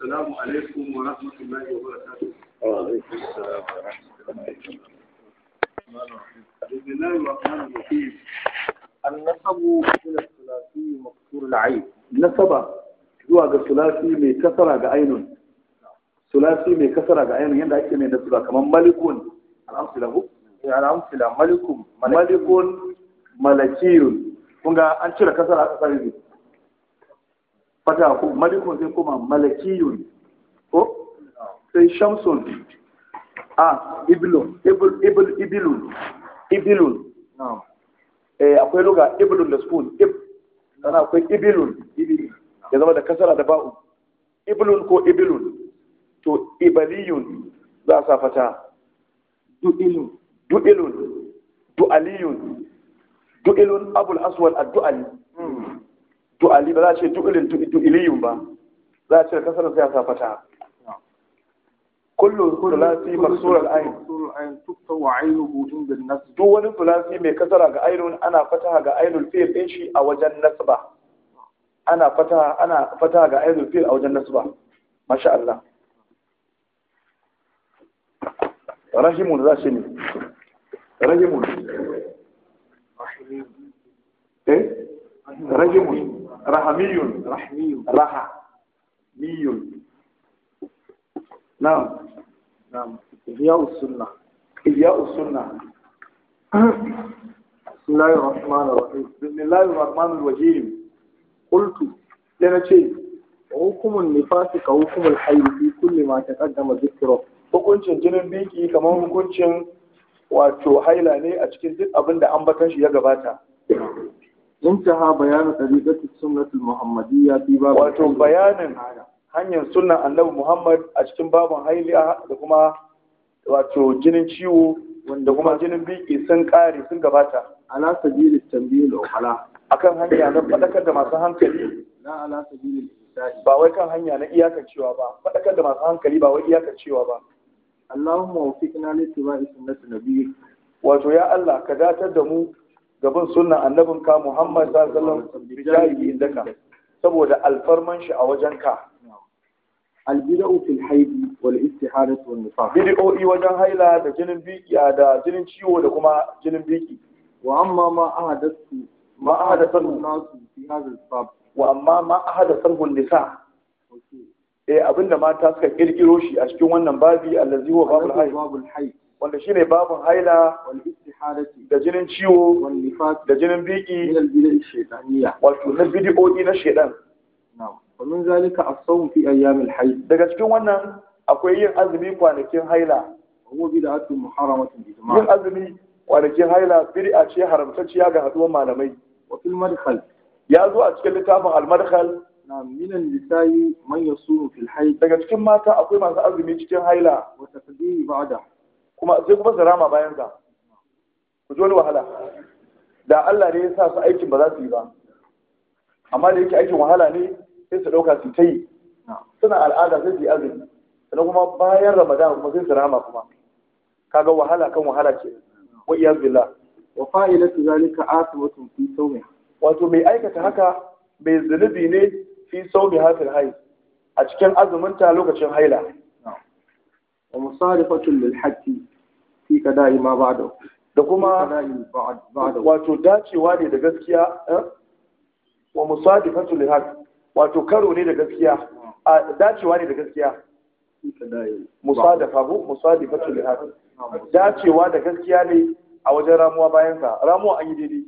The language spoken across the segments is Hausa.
السلام عليكم ورحمة الله وبركاته وعليكم السلام ورحمة الله بسم الله الرحمن الرحيم النسب إلى الثلاثي مكسور العين zuwa ga sulasi mai kasara ga ainun sulasi mai kasara ga ainun yadda ake mai nasaba kamar malikun al'amsilahu eh, al'amsila malikun malikun malakiyun kun ga an cire kasara a kasar fata ko malikun sai kuma malakiyun ko sai shamsun a ibilun ibilun ibilun eh, akwai luga ibilun da spoon ib sana akwai ibilun ya zama da kasara da ba'u ibilun ko ibilun to ibaliyun za a sa fata du'ilun du'ilun du'aliyun du'ilun abul aswal ad-du'ali ali ba za a ce du'ilin du'iliyun ba za a ce da kasar sai a sa fata kullu thulasi maksur al-ayn tukta wa aynuhu inda an-nas duk wani thulasi mai kasara ga aynun ana fataha ga aynul fi'l din shi a wajen nasba ana fataha ana fataha ga aynul fi'l a wajen nasba masha Allah rahimun za shi ne rahimun eh rahimun rahmiyun rahmiyun raha miyun na'am na'am ya usunna ya usunna bismillahir rahmanir rahim bismillahir rahmanir rahim qultu yana ce hukumun nifasi ka hukumul hayi fi kulli ma taqaddama dhikra hukuncin jinin biki kamar hukuncin wato haila ne a cikin duk abinda an batanshi ya gabata انتهى بيان طريقة السنة المحمدية في باب واتو بيان hanyar sunan annabi Muhammad a cikin babin hailiya da kuma wato jinin ciwo wanda kuma jinin biki sun kare sun gabata ala sabilil tambayi da ukala akan hanya na fadakar da masu hankali na ala sabilil ba wai kan hanya na iyakancewa ba fadakar da masu hankali ba wai iyakancewa ba Allahumma waffiqna li ittiba'i sunnati nabiyyik wato ya Allah ka datar da mu gaban sunan ka Muhammad sallallahu alaihi wasallam indaka saboda alfarman shi a wajen ka albida'u fil haidi wal istiharatu wan nifaq i wajen haila da jinin biki da jinin ciwo da kuma jinin biki wa amma ma ahadathu ma ahadathu nasu fi hadha al wa amma ma ahadathu nisa eh abinda mata suka kirkiro shi a cikin wannan babi allazi huwa babul haid wanda shine babun haila wal da jinin ciwo da jinin biki wato na bidiyoyi na shedan ومن ذلك الصوم في الحيض daga cikin wannan akwai yin azumi kwanakin haila huwa bid'atun muharramatun yin azumi kwanakin haila bid'a ce haramtacciya ga haduwar malamai wa ya zo a cikin littafin al madkhal na minan nisa'i man daga cikin mata akwai masu azumi cikin haila wa tafdiri kuma zarama bayan ku ji wani wahala da Allah ne ya sa su aikin ba za su yi ba amma da yake aikin wahala ne sai su ɗauka su ta yi suna al'ada sai su yi azumi sannan kuma bayan ramadan kuma sai su rama kuma kaga wahala kan wahala ce wa iyaz billah wa fa'ilatu zalika asibatun fi sawmi wato mai aikata haka mai zunubi ne fi sawmi hafil hayy a cikin azumin ta lokacin haila wa musarifatul lil hajji fi qada'i ma ba'dahu da kuma wato dacewa ne da gaskiya eh? wa musadi fatul haq wato karo ne da gaskiya dacewa ne da gaskiya musadafa bu musadi fatul haq dacewa da gaskiya ne a wajen ramuwa bayan sa ramuwa an yi daidai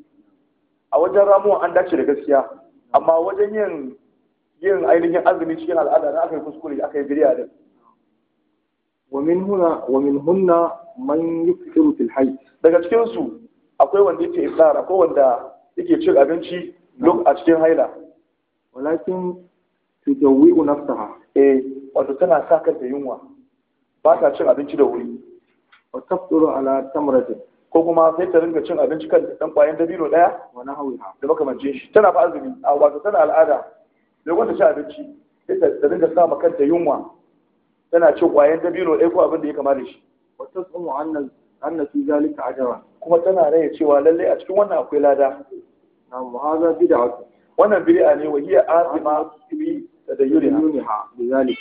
a wajen ramuwa an dace da gaskiya amma wajen yin yin ainihin azumi cikin al'ada na aka yi kuskure aka yi biriya din wa min huna wa min hunna man yi fil hayy daga cikin su akwai wanda yake iftar akwai wanda yake cin abinci duk a cikin haila walakin tujawwi'u nafsaha eh wato tana sa kanta yunwa ba ta cin abinci da wuri wa tafsiru ala tamratin ko kuma sai ta ringa cin abinci kan dan kwayan dabino daya wa nahawiha da makamancin shi tana fa azumi a wato tana al'ada da wanda ci abinci sai ta ringa sa kanta yunwa tana cin kwayan dabino ɗaya ko abin da ya kama da shi wa tas'umu anna anna fi zalika ajra kuma tana raya cewa lallai a cikin wannan akwai lada na'am wa hadha bid'a wannan bid'a ne wa hiya azima da tadayyuriha